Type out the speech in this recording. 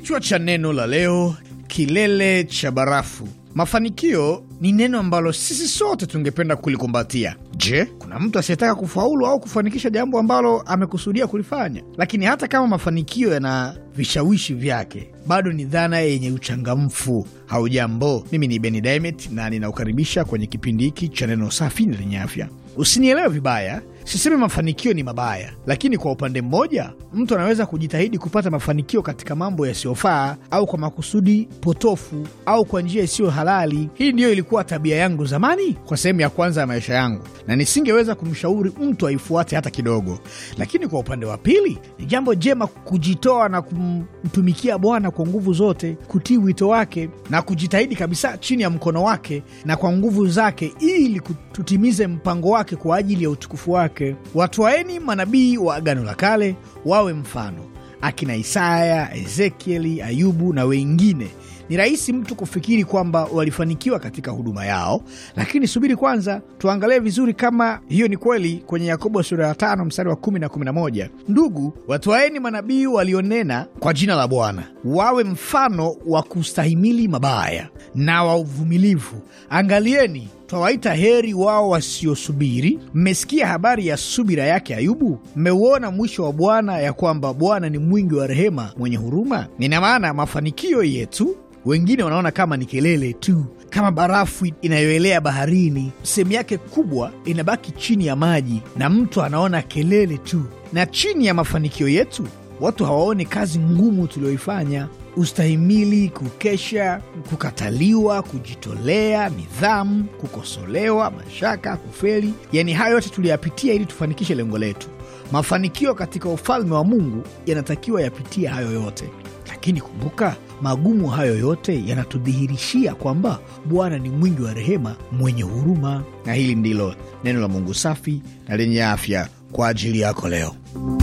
Kichwa cha neno la leo: kilele cha barafu. Mafanikio ni neno ambalo sisi sote tungependa kulikumbatia. Je, kuna mtu asiyetaka kufaulu au kufanikisha jambo ambalo amekusudia kulifanya? Lakini hata kama mafanikio yana vishawishi vyake, bado ni dhana yenye uchangamfu. Haujambo, mimi ni Beni Dimet na ninaukaribisha kwenye kipindi hiki cha neno safi na lenye afya. Usinielewe vibaya, siseme mafanikio ni mabaya, lakini kwa upande mmoja, mtu anaweza kujitahidi kupata mafanikio katika mambo yasiyofaa au kwa makusudi potofu au kwa njia isiyo halali. Hii ndiyo ilikuwa tabia yangu zamani kwa sehemu ya kwanza ya maisha yangu, na nisingeweza kumshauri mtu aifuate hata kidogo. Lakini kwa upande wa pili, ni jambo jema kujitoa na kumtumikia Bwana kwa nguvu zote, kutii wito wake na kujitahidi kabisa chini ya mkono wake na kwa nguvu zake, ili tutimize mpango wake kwa ajili ya utukufu wake. Watwaeni manabii wa Agano la Kale wawe mfano, akina Isaya, Ezekieli, Ayubu na wengine ni rahisi mtu kufikiri kwamba walifanikiwa katika huduma yao, lakini subiri kwanza, tuangalie vizuri kama hiyo ni kweli. Kwenye Yakobo sura ya tano mstari wa kumi na kumi na moja ndugu, watwaeni manabii walionena kwa jina la Bwana, wawe mfano wa kustahimili mabaya na wa uvumilivu. Angalieni twawaita heri wao wasiosubiri. Mmesikia habari ya subira yake Ayubu, mmeuona mwisho wa Bwana, ya kwamba Bwana ni mwingi wa rehema, mwenye huruma. Nina maana mafanikio yetu wengine wanaona kama ni kelele tu, kama barafu inayoelea baharini, sehemu yake kubwa inabaki chini ya maji, na mtu anaona kelele tu. Na chini ya mafanikio yetu watu hawaoni kazi ngumu tuliyoifanya, ustahimili, kukesha, kukataliwa, kujitolea, nidhamu, kukosolewa, mashaka, kufeli. Yaani hayo yote tuliyapitia ili tufanikishe lengo letu. Mafanikio katika ufalme wa Mungu yanatakiwa yapitie hayo yote, lakini kumbuka, magumu hayo yote yanatudhihirishia kwamba Bwana ni mwingi wa rehema, mwenye huruma. Na hili ndilo neno la Mungu safi na lenye afya kwa ajili yako leo.